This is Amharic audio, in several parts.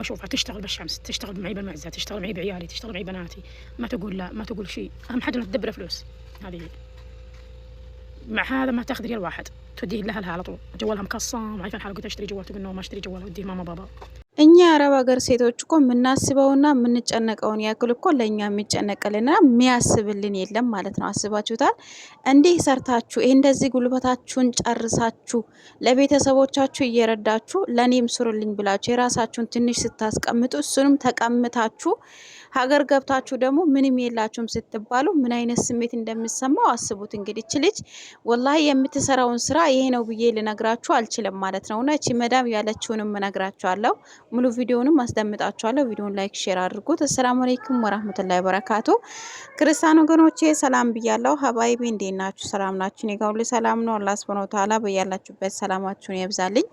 اشوفها تشتغل بالشمس تشتغل معي بالمعزه تشتغل معي بعيالي تشتغل معي بناتي ما تقول لا ما تقول شيء اهم حاجه انها تدبر فلوس هذه مع هذا ما تاخذ ريال واحد توديه لاهلها على طول جوالها مقصم عارفين حاله قلت اشتري جوال تقول انه ما اشتري جوال وديه ماما بابا እኛ የአረብ ሀገር ሴቶች እኮ የምናስበውና የምንጨነቀውን ያክል እኮ ለእኛ የሚጨነቅልንና የሚያስብልን የለም ማለት ነው። አስባችሁታል? እንዲህ ሰርታችሁ ይህ እንደዚህ ጉልበታችሁን ጨርሳችሁ ለቤተሰቦቻችሁ እየረዳችሁ ለእኔም ስሩልኝ ብላችሁ የራሳችሁን ትንሽ ስታስቀምጡ እሱንም ተቀምታችሁ ሀገር ገብታችሁ ደግሞ ምንም የላችሁም ስትባሉ ምን አይነት ስሜት እንደሚሰማው አስቡት። እንግዲህ እች ልጅ ወላሂ የምትሰራውን ስራ ይሄ ነው ብዬ ልነግራችሁ አልችልም ማለት ነው። እና እቺ መዳም ያለችውንም እነግራችኋለሁ። ሙሉ ቪዲዮውንም አስደምጣችኋለሁ። ቪዲዮውን ላይክ፣ ሼር አድርጉት። አሰላሙ አለይኩም ወራህመቱላሂ ወበረካቱ። ክርስቲያን ወገኖቼ ሰላም ብያለሁ። ሀባይቢ እንዴት ናችሁ? ሰላም ናችሁ? እኔ ጋር ሁሉ ሰላም ነው። አላህ ሱብሃነሁ ወተዓላ በያላችሁበት ሰላማችሁን ያብዛልኝ።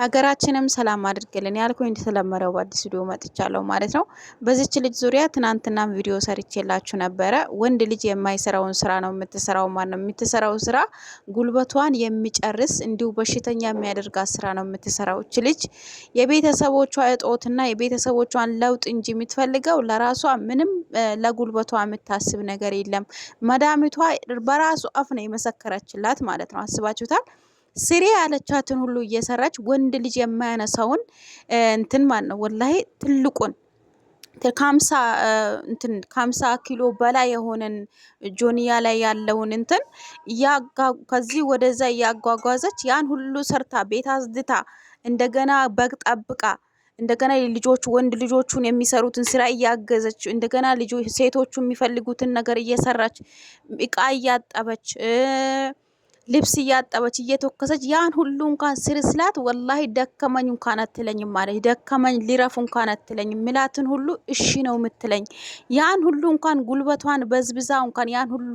ሀገራችንም ሰላም አድርግልን ያልኩኝ እንደተለመደው በአዲስ ቪዲዮ መጥቻለሁ ማለት ነው። በዚች ልጅ ዙሪያ ትናንትናም ቪዲዮ ሰርቼላችሁ ነበረ። ወንድ ልጅ የማይሰራውን ስራ ነው የምትሰራው። ነው የምትሰራው ስራ ጉልበቷን የሚጨርስ እንዲሁ በሽተኛ የሚያደርጋት ስራ ነው የምትሰራው። እች ልጅ የቤተሰቦቿ እጦትና የቤተሰቦቿን ለውጥ እንጂ የምትፈልገው ለራሷ ምንም ለጉልበቷ የምታስብ ነገር የለም። መዳሚቷ በራሱ አፍ ነው የመሰከረችላት ማለት ነው። አስባችሁታል? ስሪ ያለቻትን ሁሉ እየሰራች ወንድ ልጅ የማያነሳውን እንትን ማን ነው ወላሂ ትልቁን ከሀምሳ እንትን ከሀምሳ ኪሎ በላይ የሆነን ጆንያ ላይ ያለውን እንትን ከዚህ ወደዛ እያጓጓዘች ያን ሁሉ ሰርታ ቤት አዝድታ እንደገና በግ ጠብቃ እንደገና ልጆች ወንድ ልጆቹን የሚሰሩትን ስራ እያገዘች እንደገና ልጆች ሴቶቹ የሚፈልጉትን ነገር እየሰራች እቃ እያጠበች ልብስ እያጠበች እየተወከሰች ያን ሁሉ እንኳን ስርስላት ወላሂ ደከመኝ እንኳን አትለኝም ማለች። ደከመኝ ሊረፍ እንኳን አትለኝም ሚላትን ሁሉ እሺ ነው የምትለኝ። ያን ሁሉ እንኳን ጉልበቷን በዝብዛ እንኳን ያን ሁሉ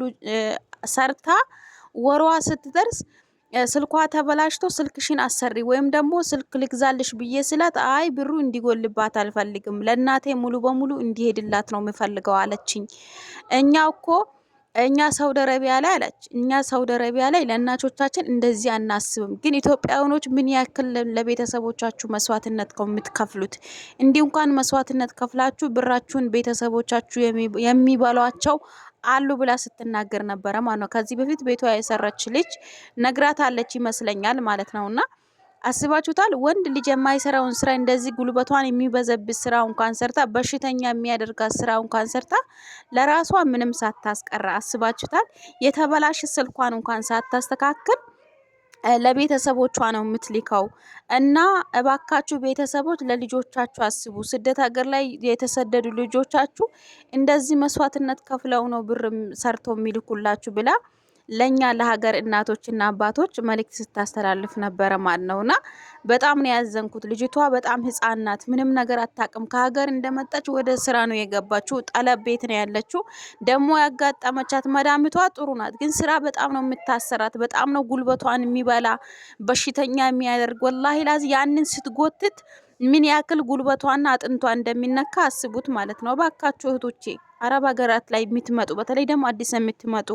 ሰርታ ወሯ ስትደርስ ስልኳ ተበላሽቶ ስልክሽን አሰሪ ወይም ደግሞ ስልክ ልግዛልሽ ብዬ ስላት አይ ብሩ እንዲጎልባት አልፈልግም፣ ለእናቴ ሙሉ በሙሉ እንዲሄድላት ነው የምፈልገው አለችኝ። እኛ እኮ እኛ ሳውዲ አረቢያ ላይ አለች እኛ ሳውዲ አረቢያ ላይ ለእናቾቻችን እንደዚህ አናስብም። ግን ኢትዮጵያውኖች ምን ያክል ለቤተሰቦቻችሁ መስዋዕትነት የምትከፍሉት እንዲህ እንኳን መስዋዕትነት ከፍላችሁ ብራችሁን ቤተሰቦቻችሁ የሚበሏቸው አሉ ብላ ስትናገር ነበረ ማለት ነው። ከዚህ በፊት ቤቷ የሰራች ልጅ ነግራት አለች ይመስለኛል ማለት ነውና አስባችሁታል? ወንድ ልጅ የማይሰራውን ስራ እንደዚህ ጉልበቷን የሚበዘብዝ ስራ እንኳን ሰርታ በሽተኛ የሚያደርጋት ስራ እንኳን ሰርታ ለራሷ ምንም ሳታስቀራ አስባችሁታል? የተበላሽ ስልኳን እንኳን ሳታስተካክል ለቤተሰቦቿ ነው የምትልከው። እና እባካችሁ ቤተሰቦች ለልጆቻችሁ አስቡ። ስደት ሀገር ላይ የተሰደዱ ልጆቻችሁ እንደዚህ መስዋዕትነት ከፍለው ነው ብር ሰርቶ የሚልኩላችሁ ብላ ለእኛ ለሀገር እናቶችና አባቶች መልእክት ስታስተላልፍ ነበረ ማለት ነውና በጣም ነው ያዘንኩት። ልጅቷ በጣም ህፃን ናት፣ ምንም ነገር አታውቅም። ከሀገር እንደመጣች ወደ ስራ ነው የገባችው። ጠለብ ቤት ነው ያለችው። ደግሞ ያጋጠመቻት መዳምቷ ጥሩ ናት፣ ግን ስራ በጣም ነው የምታሰራት። በጣም ነው ጉልበቷን የሚበላ በሽተኛ የሚያደርግ ወላሂ ላዚ ያንን ስትጎትት ምን ያክል ጉልበቷና አጥንቷ እንደሚነካ አስቡት ማለት ነው። ባካችሁ እህቶቼ አረብ ሀገራት ላይ የምትመጡ በተለይ ደግሞ አዲስ የምትመጡ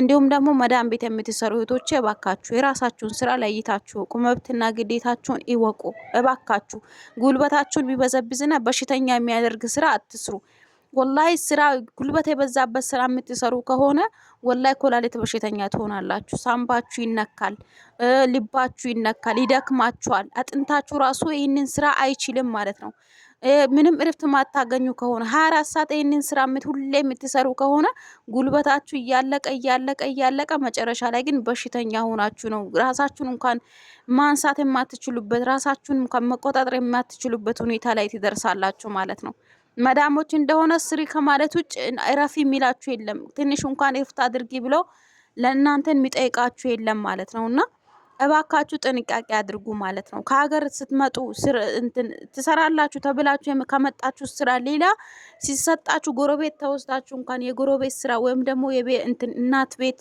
እንዲሁም ደግሞ መዳን ቤት የምትሰሩ እህቶች እባካችሁ የራሳችሁን ስራ ለይታችሁ እወቁ። መብትና ግዴታችሁን ይወቁ። እባካችሁ ጉልበታችሁን ቢበዘብዝና በሽተኛ የሚያደርግ ስራ አትስሩ። ወላይ ስራ ጉልበት የበዛበት ስራ የምትሰሩ ከሆነ ወላይ ኮላሌት በሽተኛ ትሆናላችሁ። ሳምባችሁ ይነካል፣ ልባችሁ ይነካል፣ ይደክማችኋል። አጥንታችሁ ራሱ ይህንን ስራ አይችልም ማለት ነው። ምንም እርፍት ማታገኙ ከሆነ ሀያ አራት ሰዓት ይህንን ስራ ሁሌ የምትሰሩ ከሆነ ጉልበታችሁ እያለቀ እያለቀ እያለቀ መጨረሻ ላይ ግን በሽተኛ ሆናችሁ ነው። ራሳችሁን እንኳን ማንሳት የማትችሉበት ራሳችሁን እንኳን መቆጣጠር የማትችሉበት ሁኔታ ላይ ትደርሳላችሁ ማለት ነው። መዳሞች እንደሆነ ስሪ ከማለት ውጭ እረፊ የሚላችሁ የለም። ትንሽ እንኳን ርፍት አድርጊ ብለው ለእናንተን የሚጠይቃችሁ የለም ማለት ነው እና እባካችሁ ጥንቃቄ አድርጉ ማለት ነው። ከሀገር ስትመጡ ትሰራላችሁ ተብላችሁ ከመጣችሁ ስራ ሌላ ሲሰጣችሁ ጎረቤት ተወስዳችሁ እንኳን የጎረቤት ስራ ወይም ደግሞ እናት ቤት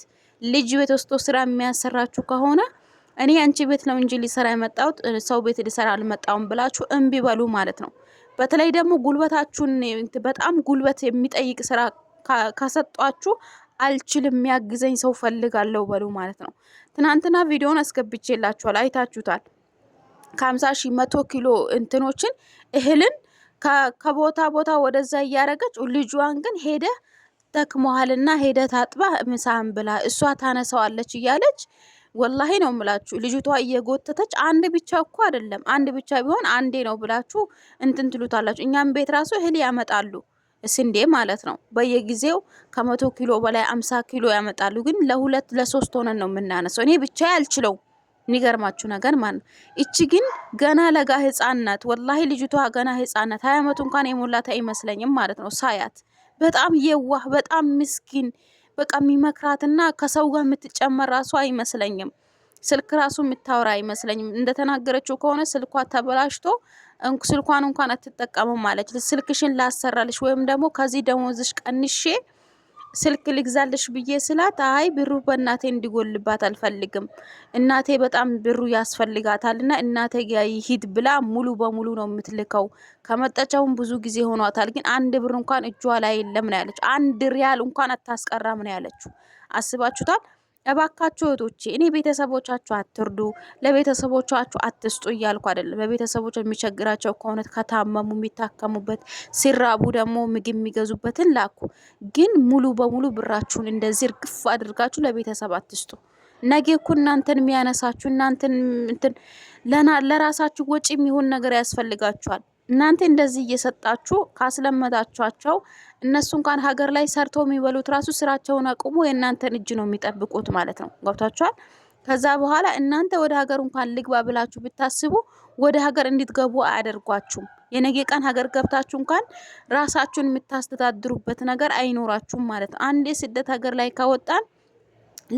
ልጅ ቤት ወስዶ ስራ የሚያሰራችሁ ከሆነ እኔ አንቺ ቤት ነው እንጂ ሊሰራ የመጣሁት ሰው ቤት ሊሰራ አልመጣውም ብላችሁ እምቢ በሉ ማለት ነው። በተለይ ደግሞ ጉልበታችሁን በጣም ጉልበት የሚጠይቅ ስራ ከሰጧችሁ አልችልም የሚያግዘኝ ሰው ፈልጋለሁ በሉ ማለት ነው። ትናንትና ቪዲዮን አስገብቼላችኋል፣ አይታችሁታል። ከሀምሳ ሺ መቶ ኪሎ እንትኖችን እህልን ከቦታ ቦታ ወደዛ እያረገች ልጇን ግን ሄደ ተክመሃልና ሄደ ታጥባ ምሳን ብላ እሷ ታነሳዋለች እያለች ወላሂ ነው ምላችሁ። ልጅቷ እየጎተተች አንድ ብቻ እኮ አይደለም፣ አንድ ብቻ ቢሆን አንዴ ነው ብላችሁ እንትን ትሉታላችሁ። እኛም ቤት ራሱ እህል ያመጣሉ ስንዴ ማለት ነው። በየጊዜው ከመቶ ኪሎ በላይ አምሳ ኪሎ ያመጣሉ። ግን ለሁለት ለሶስት ሆነን ነው የምናነሰው። እኔ ብቻ ያልችለው ሚገርማችሁ ነገር ማለት ነው። እቺ ግን ገና ለጋ ህጻን ወላሂ ልጅቷ ገና ህጻን ናት። ሀያ አመቱ እንኳን የሞላት አይመስለኝም ማለት ነው ሳያት። በጣም የዋህ በጣም ምስኪን በቃ የሚመክራትና ከሰው ጋር የምትጨመር ራሱ አይመስለኝም። ስልክ ራሱ የምታወራ አይመስለኝም። እንደተናገረችው ከሆነ ስልኳ ተበላሽቶ ስልኳን እንኳን አትጠቀምም ማለች። ስልክሽን ላሰራልሽ ወይም ደግሞ ከዚህ ደሞዝሽ ቀንሼ ስልክ ልግዛልሽ ብዬ ስላት አይ ብሩ በእናቴ እንዲጎልባት አልፈልግም፣ እናቴ በጣም ብሩ ያስፈልጋታል እና እናቴ ይሂድ ብላ ሙሉ በሙሉ ነው የምትልከው። ከመጠጫውን ብዙ ጊዜ ሆኗታል፣ ግን አንድ ብር እንኳን እጇ ላይ የለም ነው ያለችው። አንድ ሪያል እንኳን አታስቀራም ነው ያለችው። አስባችሁታል? እባካችሁ እህቶቼ እኔ ቤተሰቦቻችሁ አትርዱ፣ ለቤተሰቦቻችሁ አትስጡ እያልኩ አይደለም። በቤተሰቦች የሚቸግራቸው ከሆነ ከታመሙ የሚታከሙበት፣ ሲራቡ ደግሞ ምግብ የሚገዙበትን ላኩ። ግን ሙሉ በሙሉ ብራችሁን እንደዚህ እርግፍ አድርጋችሁ ለቤተሰብ አትስጡ። ነገ እኮ እናንተን የሚያነሳችሁ እናንተን ለራሳችሁ ወጪ የሚሆን ነገር ያስፈልጋችኋል። እናንተ እንደዚህ እየሰጣችሁ ካስለመዳችኋቸው እነሱ እንኳን ሀገር ላይ ሰርተው የሚበሉት ራሱ ስራቸውን አቁሞ የእናንተን እጅ ነው የሚጠብቁት ማለት ነው። ገብቷችኋል? ከዛ በኋላ እናንተ ወደ ሀገር እንኳን ልግባ ብላችሁ ብታስቡ ወደ ሀገር እንድትገቡ አያደርጓችሁም። የነገ ቀን ሀገር ገብታችሁ እንኳን ራሳችሁን የምታስተዳድሩበት ነገር አይኖራችሁም ማለት ነው። አንዴ ስደት ሀገር ላይ ካወጣን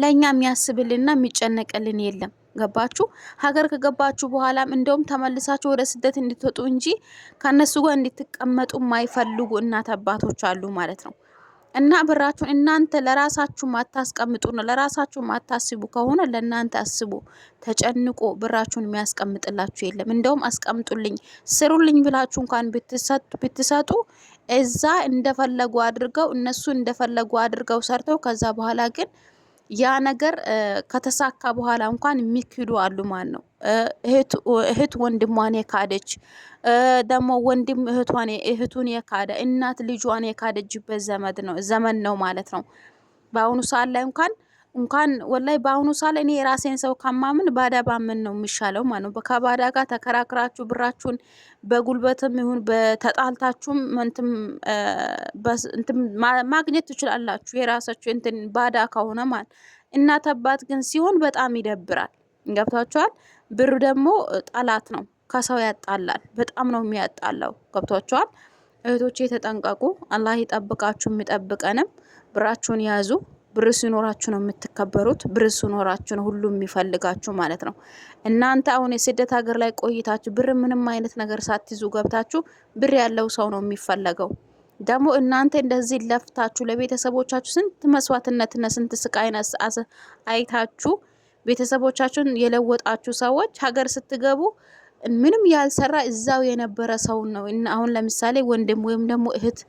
ለእኛ የሚያስብልንና የሚጨነቅልን የለም። ገባችሁ? ሀገር ከገባችሁ በኋላም እንደውም ተመልሳችሁ ወደ ስደት እንድትወጡ እንጂ ከእነሱ ጋር እንድትቀመጡ የማይፈልጉ እናት አባቶች አሉ ማለት ነው። እና ብራችሁን እናንተ ለራሳችሁ ማታስቀምጡ ነው ለራሳችሁ ማታስቡ ከሆነ ለእናንተ አስቡ። ተጨንቆ ብራችሁን የሚያስቀምጥላችሁ የለም። እንደውም አስቀምጡልኝ ስሩልኝ ብላችሁ እንኳን ብትሰጡ እዛ እንደፈለጉ አድርገው እነሱ እንደፈለጉ አድርገው ሰርተው ከዛ በኋላ ግን ያ ነገር ከተሳካ በኋላ እንኳን የሚክዱ አሉ ማለት ነው። እህት ወንድሟን የካደች ደግሞ ወንድም እህቷን እህቱን የካደ እናት ልጇን የካደችበት ዘመድ ነው ዘመን ነው ማለት ነው። በአሁኑ ሰዓት ላይ እንኳን እንኳን ወላይ በአሁኑ ሳል እኔ የራሴን ሰው ከማምን ባዳ ባምን ነው የሚሻለው ማለት ነው። ከባዳ ጋር ተከራክራችሁ ብራችሁን በጉልበትም ይሁን በተጣልታችሁም እንትን ማግኘት ትችላላችሁ። የራሳችሁ እንትን ባዳ ከሆነ ማለት እናት አባት ግን ሲሆን በጣም ይደብራል። ገብቷችኋል? ብር ደግሞ ጠላት ነው። ከሰው ያጣላል። በጣም ነው የሚያጣላው። ገብቷችኋል? እህቶቼ ተጠንቀቁ። አላህ ይጠብቃችሁ የሚጠብቀንም ብራችሁን ያዙ። ብር ሲኖራችሁ ነው የምትከበሩት። ብር ሲኖራችሁ ነው ሁሉ የሚፈልጋችሁ ማለት ነው። እናንተ አሁን የስደት ሀገር ላይ ቆይታችሁ ብር ምንም አይነት ነገር ሳትይዙ ገብታችሁ ብር ያለው ሰው ነው የሚፈለገው። ደግሞ እናንተ እንደዚህ ለፍታችሁ ለቤተሰቦቻችሁ ስንት መስዋዕትነትና ስንት ስቃይ አይታችሁ ቤተሰቦቻችሁን የለወጣችሁ ሰዎች ሀገር ስትገቡ ምንም ያልሰራ እዛው የነበረ ሰውን ነው። እና አሁን ለምሳሌ ወንድም ወይም ደግሞ እህት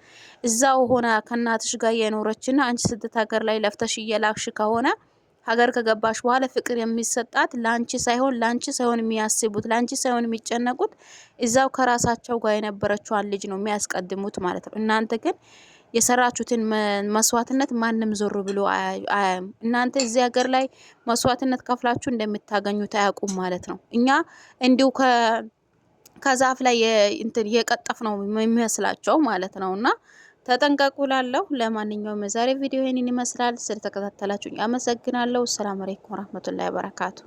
እዛው ሆና ከእናትሽ ጋር የኖረችና አንቺ ስደት ሀገር ላይ ለፍተሽ እየላክሽ ከሆነ ሀገር ከገባሽ በኋላ ፍቅር የሚሰጣት ላንቺ ሳይሆን ላንቺ ሳይሆን የሚያስቡት ላንቺ ሳይሆን የሚጨነቁት እዛው ከራሳቸው ጋር የነበረችዋን ልጅ ነው የሚያስቀድሙት ማለት ነው። እናንተ ግን የሰራችሁትን መስዋዕትነት ማንም ዞር ብሎ አያም። እናንተ እዚህ ሀገር ላይ መስዋዕትነት ከፍላችሁ እንደምታገኙት አያውቁም ማለት ነው። እኛ እንዲሁ ከዛፍ ላይ የቀጠፍ ነው የሚመስላቸው ማለት ነው እና ተጠንቀቁ ላለው። ለማንኛውም የዛሬ ቪዲዮ ይህንን ይመስላል። ስለተከታተላችሁ አመሰግናለሁ። ሰላም አለይኩም ወረህመቱላሂ ወበረካቱ።